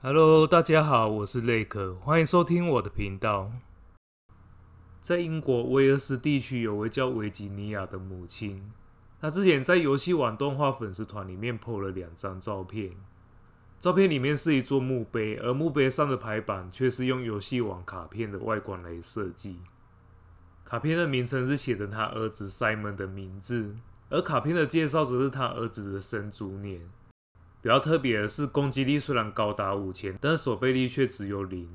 哈嘍，Hello, 大家好，我是雷克，歡迎收聽我的頻道。在英國威爾斯地區有位叫維吉尼亞的母親，她之前在遊戲王動畫粉絲團裡面 PO 了兩張照片。照片裡面是一座墓碑，而墓碑上的排版卻是用遊戲王卡片的外觀來設計。卡片的名稱是寫著她兒子 Simon 的名字，而卡片的介紹則是她兒子的生卒年。比較特別的是，攻擊力雖然高達五千，但守備力卻只有零。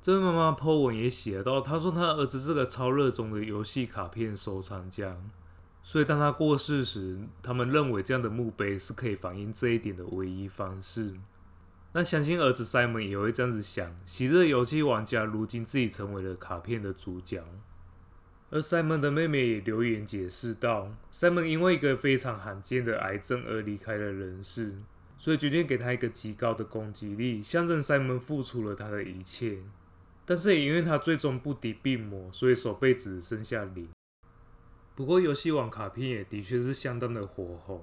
這位媽媽 PO 文也寫到，他說他兒子是個超熱衷的遊戲卡片收藏家，所以當他過世時，他們認為這樣的墓碑是可以反映這一點的唯一方式。那相信兒子 Simon 也會這樣子想，昔日遊戲玩家如今自己成為了卡片的主角。而 Simon 的妹妹也留言解釋道：“ Simon 因為一個非常罕見的癌症而離開了人世，所以決定給他一個極高的攻擊力，象徵 Simon 付出了他的一切。但是也因為他最終不敵病魔，所以手背只剩下零。”不過，遊戲王卡片也的確是相當的火紅。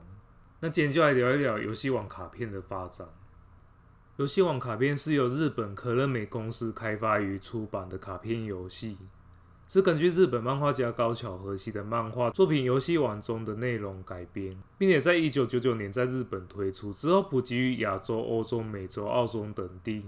那今天就來聊一聊遊戲王卡片的發展。遊戲王卡片是由日本可樂美公司開發與出版的卡片遊戲。是根據日本漫畫家高橋和希的漫畫作品《遊戲王》中的內容改編，並且在一九九九年在日本推出之後，普及於亞洲、歐洲、美洲、澳洲等地，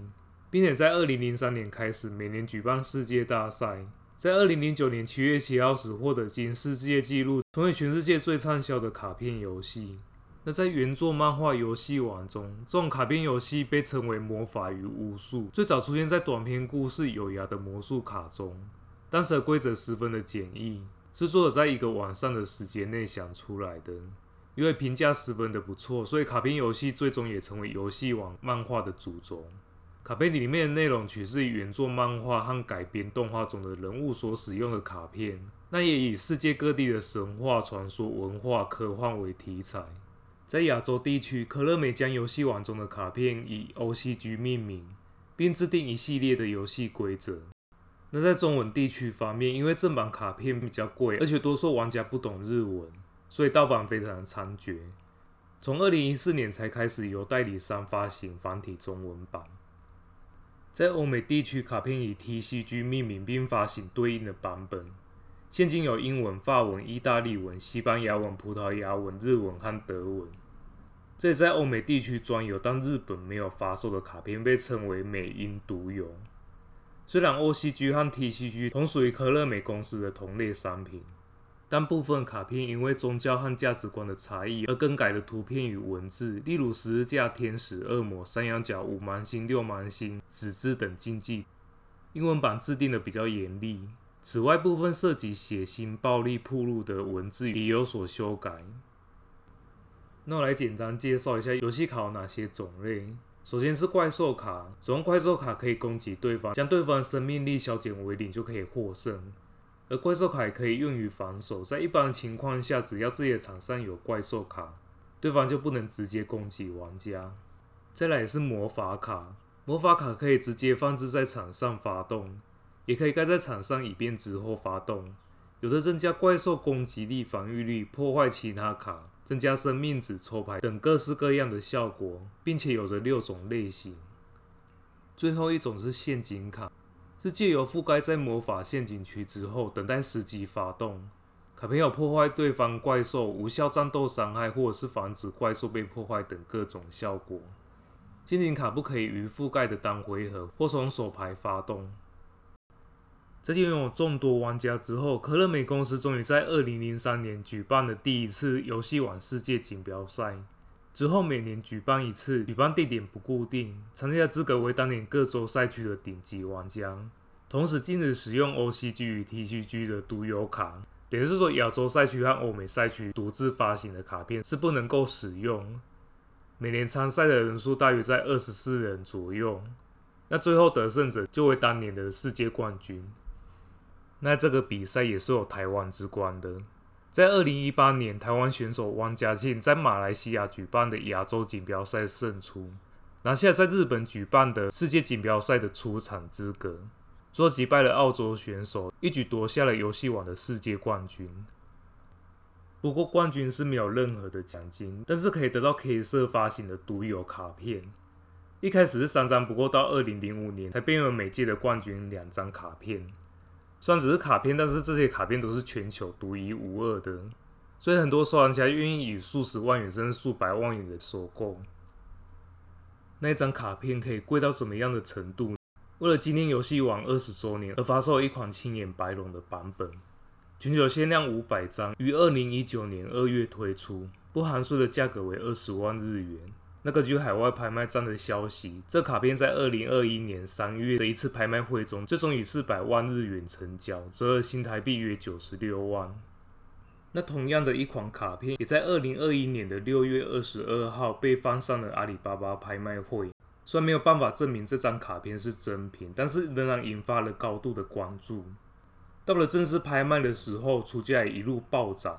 並且在二零零三年開始每年舉辦世界大賽。在二零零九年七月七號時，獲得金世界紀錄，成為全世界最暢銷的卡片遊戲。那在原作漫畫《遊戲王》中，這種卡片遊戲被稱為魔法與巫術，最早出現在短篇故事《有牙的魔術卡》中。當時的規則十分的簡易，是作者在一個晚上的時間內想出來的。因為評價十分的不錯，所以卡片遊戲最終也成為遊戲王漫畫的主軸。卡片裡面的內容取自於原作漫畫和改編動畫中的人物所使用的卡片，那也以世界各地的神話傳說、文化、科幻為題材。在亞洲地區，可樂美將遊戲王中的卡片以 OCG 命名，並制定一系列的遊戲規則。那在中文地區方面，因為正版卡片比較貴，而且多數玩家不懂日文，所以盜版非常的猖獗，從二零一四年才開始由代理商發行繁體中文版。在歐美地區，卡片以 TCG 命名並發行對應的版本。現今有英文、法文、意大利文、西班牙文、葡萄牙文、日文和德文。這在歐美地區專有，但日本沒有發售的卡片被稱為美英獨有。雖然 OCG 和 TCG 同屬於科樂美公司的同類商品，但部分卡片因為宗教和價值觀的差異而更改了圖片與文字，例如十字架、天使、惡魔、山羊角、五芒星、六芒星、紙字等禁忌。英文版制定得比較嚴厲。此外，部分涉及血腥、暴力、暴露的文字也有所修改。那我來簡單介紹一下遊戲卡有哪些種類。首先是怪獸卡，使用怪獸卡可以攻擊對方，將對方生命力削減為零就可以獲勝。而怪獸卡也可以用於防守，在一般情況下，只要自己的場上有怪獸卡，對方就不能直接攻擊玩家。再來是魔法卡，魔法卡可以直接放置在場上發動，也可以蓋在場上以便之後發動，有的增加怪獸攻擊力、防御力，破壞其他卡。增加生命值、抽牌等各式各樣的效果，並且有着六種類型。最後一種是陷阱卡，是借由覆蓋在魔法陷阱區之後，等待時機發動。卡片有破壞對方怪獸無效戰鬥傷害，或者是防止怪獸被破壞等各種效果。陷阱卡不可以於覆蓋的當回合或從手牌發動。在擁有眾多玩家之後，科樂美公司終於在二零零三年舉辦了第一次遊戲王世界錦標賽。之後每年舉辦一次，舉辦地點不固定，參加資格為當年各州賽區的頂級玩家，同時禁止使用 OCG 與 TCG 的獨有卡，也就是說，亞洲賽區和歐美賽區獨自發行的卡片是不能夠使用。每年參賽的人數大約在二十四人左右。那最後得勝者就為當年的世界冠軍。那這個比賽也是有台灣之光的，在二零一八年，台灣選手汪嘉慶在馬來西亞舉辦的亞洲錦標賽勝出，拿下在日本舉辦的世界錦標賽的出場資格，最後擊敗了澳洲選手，一舉奪下了遊戲王的世界冠軍。不過冠軍是沒有任何的獎金，但是可以得到 K 社發行的獨有卡片。一開始是三張，不過到二零零五年才變為每屆的冠軍兩張卡片。雖然只是卡片，但是這些卡片都是全球獨一無二的，所以很多收藏家願意以數十萬元甚至數百萬元的收購。那一張卡片可以貴到什麼樣的程度呢？為了紀念遊戲王二十周年而發售一款青眼白龍的版本，全球限量五百張，於二零一九年二月推出，不含稅的價格為二十萬日元。那個據海外拍賣站的消息，這卡片在二零二一年三月的一次拍賣會中，最終以四百萬日元成交，折合新台幣約九十六萬。那同樣的一款卡片，也在二零二一年的六月二十二號被放上了阿里巴巴拍賣會。雖然沒有辦法證明這張卡片是真品，但是仍然引發了高度的關注。到了正式拍賣的時候，出價也一路暴漲。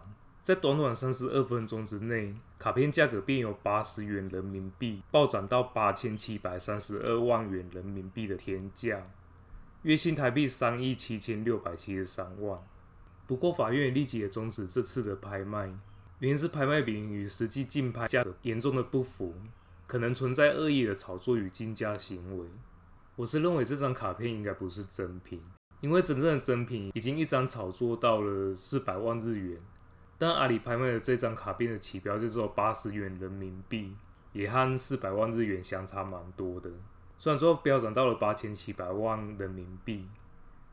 在短短三十二分鐘之內，卡片價格便由八十元人民幣暴漲到八千七百三十二萬元人民幣的天價，約新台幣三億七千六百七十三萬。不過，法院也立即的終止這次的拍賣，原因是拍賣品與實際競拍價格嚴重的不符，可能存在惡意的炒作與競價行為。我是認為這張卡片應該不是真品，因為真正的真品已經一張炒作到了四百萬日元。但阿裡拍賣的這張卡片的起標就是只有八十元人民幣，也和四百萬日元相差蠻多的。雖然說飆漲到了八千七百萬人民幣，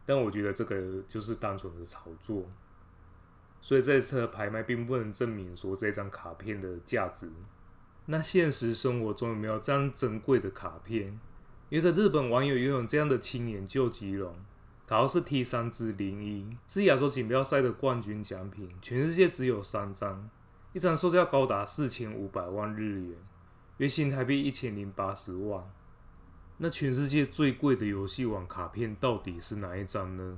但我覺得這個就是單純的炒作。所以這次拍賣並不能證明說這張卡片的價值。那現實生活中有沒有這樣珍貴的卡片？有一個日本網友擁有這樣的青眼究極龍。卡奧斯 T 三之零一，01, 是亞洲錦標賽的冠軍獎品，全世界只有三張，一張售價高達四千五百萬日元，約新台幣一千零八十萬。那全世界最貴的遊戲王卡片到底是哪一張呢？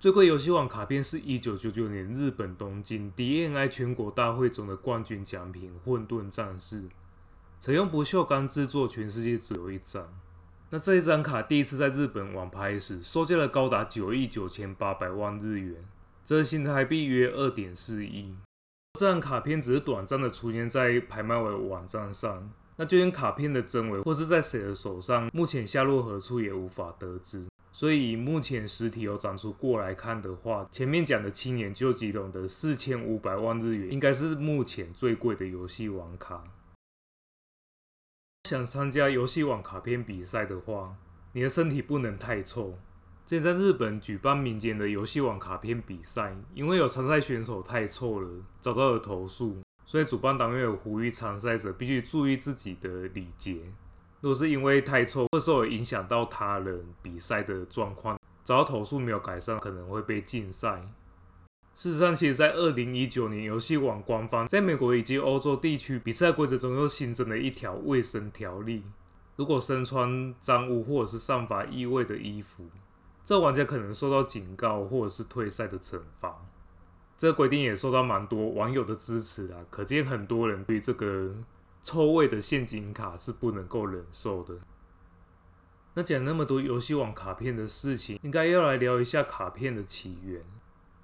最貴遊戲王卡片是一九九九年日本東京 D N I 全國大會中的冠軍獎品《混沌戰士》，採用不鏽鋼制作，全世界只有一張。那這一張卡第一次在日本網拍時，售價了高達九億九千八百萬日元，折新台幣約二點四億。這張卡片只是短暫的出現在拍賣網網站上，那就連卡片的真偽或是在誰的手上，目前下落何處也無法得知。所以,以目前實體有展出過來看的話，前面講的青眼究極龍的四千五百萬日元，應該是目前最貴的遊戲王卡。想參加遊戲王卡片比賽的話，你的身體不能太臭。現在日本舉辦民間的遊戲王卡片比賽，因為有參賽選手太臭了，遭到了投訴，所以主辦單位有呼籲參賽者必須注意自己的禮節。如果是因為太臭，會受到影響到他人比賽的狀況，遭到投訴沒有改善，可能會被禁賽。事實上，其實在二零一九年，遊戲王官方在美國以及歐洲地區比賽規則中又新增了一條衛生條例：如果身穿髒污或者是散發異味的衣服，這個玩家可能受到警告或者是退賽的懲罰。這個規定也受到蠻多網友的支持啊，可見很多人對這個臭味的陷阱卡是不能夠忍受的。那講那麼多遊戲王卡片的事情，應該要來聊一下卡片的起源。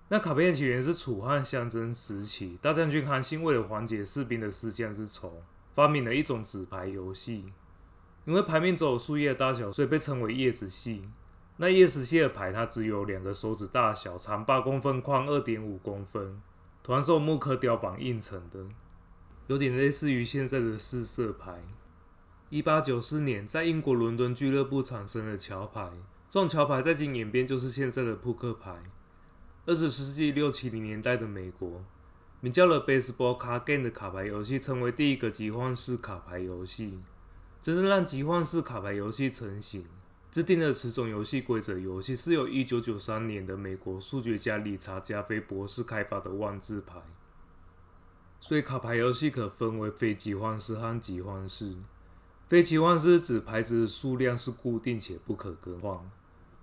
那卡片起源是楚漢相爭時期，大將軍韓信為了緩解士兵的思鄉之愁，發明了一種紙牌遊戲。因為牌面只有樹葉大小，所以被稱為葉子戲。那葉子戲的牌，它只有兩個手指大小，長八公、公分，寬二點五公分，都是用木刻雕版印成的，有點類似於現在的四色牌。一八九四年，在英國倫敦俱樂部產生了橋牌，這種橋牌再經演變，就是現在的撲克牌。二十世紀六七零年代的美國，名叫了 Baseball Card Game 的卡牌遊戲成為第一個集換式卡牌遊戲，真正讓集換式卡牌遊戲成型，制定了此種遊戲規則。遊戲是由一九九三年的美國數學家理查·加菲博士開發的萬字牌。所以，卡牌遊戲可分為非集換式和集換式。非集換式指牌子的數量是固定且不可更換。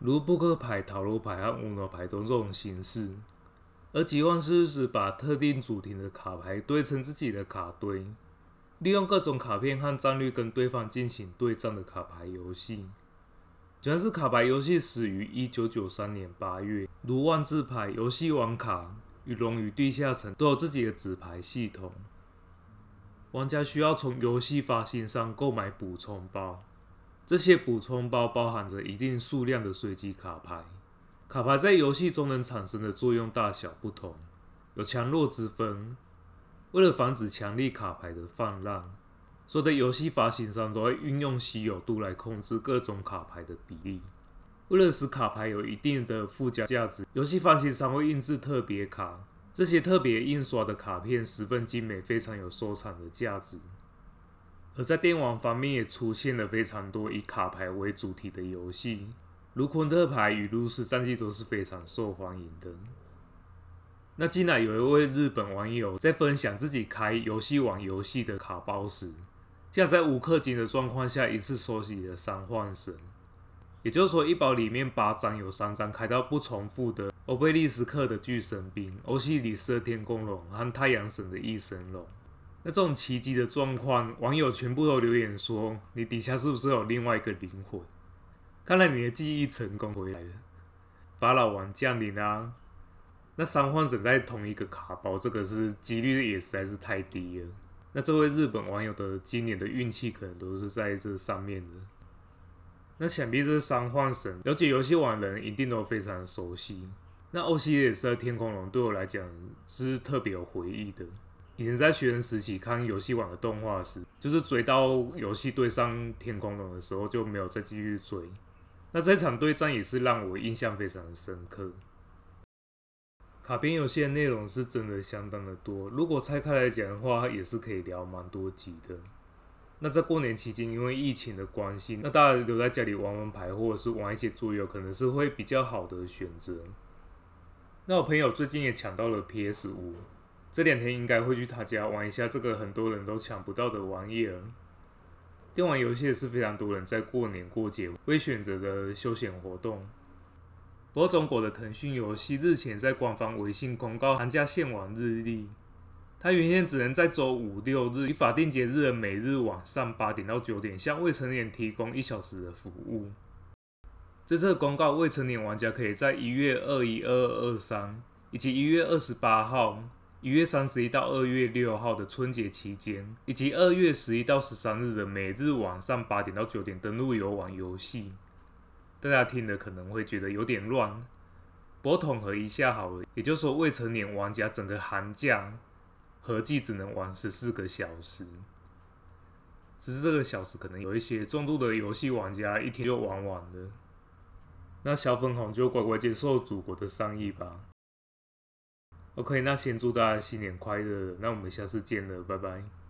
如撲克牌、塔羅牌和 UNO 牌等這種形式，而集換式是把特定主題的卡牌堆成自己的卡堆，利用各種卡片和戰略跟對方進行對戰的卡牌遊戲。主要是卡牌遊戲始於一九九三年八月，如萬智牌、遊戲王卡、與龍與地下城都有自己的紙牌系統，玩家需要從遊戲發行商購買補充包。這些補充包包含着一定數量的隨機卡牌，卡牌在遊戲中能產生的作用大小不同，有強弱之分。為了防止強力卡牌的氾濫，所有的遊戲發行商都會運用稀有度來控制各種卡牌的比例。為了使卡牌有一定的附加價值，遊戲發行商會印制特別卡，這些特別印刷的卡片十分精美，非常有收藏的價值。而在電玩方面也出現了非常多以卡牌為主題的遊戲，如《昆特牌》與《爐石戰記》都是非常受歡迎的。那近來有一位日本網友在分享自己開遊戲王遊戲的卡包時，竟然在無氪金的狀況下一次收集了三幻神，也就是說一包裡面八張有三張開到不重複的歐貝利斯克的巨神兵、歐西里斯的天空龍和太陽神的翼神龍。那這種奇跡的狀況，網友全部都留言說：“你底下是不是有另外一個靈魂？看來你的記憶成功回來了，把老王降臨啊！那三幻神在同一個卡包，這個是幾率也實在是太低了。那這位日本網友的今年的運氣可能都是在這上面的。那想必這三幻神，了解遊戲玩的人一定都非常熟悉。那歐 C 也是在天空龍，對我來講是特別有回憶的。”以前在學生時期看遊戲王的動畫時，就是追到遊戲對上天空龍的時候就沒有再繼續追。那這場對戰也是讓我印象非常的深刻。卡片遊戲的內容是真的相當的多，如果拆開來講的話，也是可以聊蠻多集的。那在過年期間，因為疫情的關係，那大家留在家裡玩玩牌或者是玩一些桌遊，可能是會比較好的選擇。那我朋友最近也搶到了 PS5。這兩天應該會去他家玩一下這個很多人都搶不到的玩意兒。電玩遊戲也是非常多人在過年過節會選擇的休閒活動。不過，中國的騰訊遊戲日前在官方微信公告寒假限玩日曆，它原先只能在周五、六日與法定節日每日晚上八點到九點向未成年提供一小時的服務。這次的公告，未成年玩家可以在一月二一、二二、二三以及一月二十八號。一月三十一到二月六號的春節期間，以及二月十一到十三日的每日晚上八點到九點登錄遊玩遊戲，大家聽了可能會覺得有點亂，不過統合一下好了。也就是說，未成年玩家整個寒假合計只能玩十四個小時，十四個小時可能有一些重度的遊戲玩家一天就玩完了，那小粉紅就乖乖接受祖國的善意吧。OK，那先祝大家新年快樂。那我們下次見了，拜拜。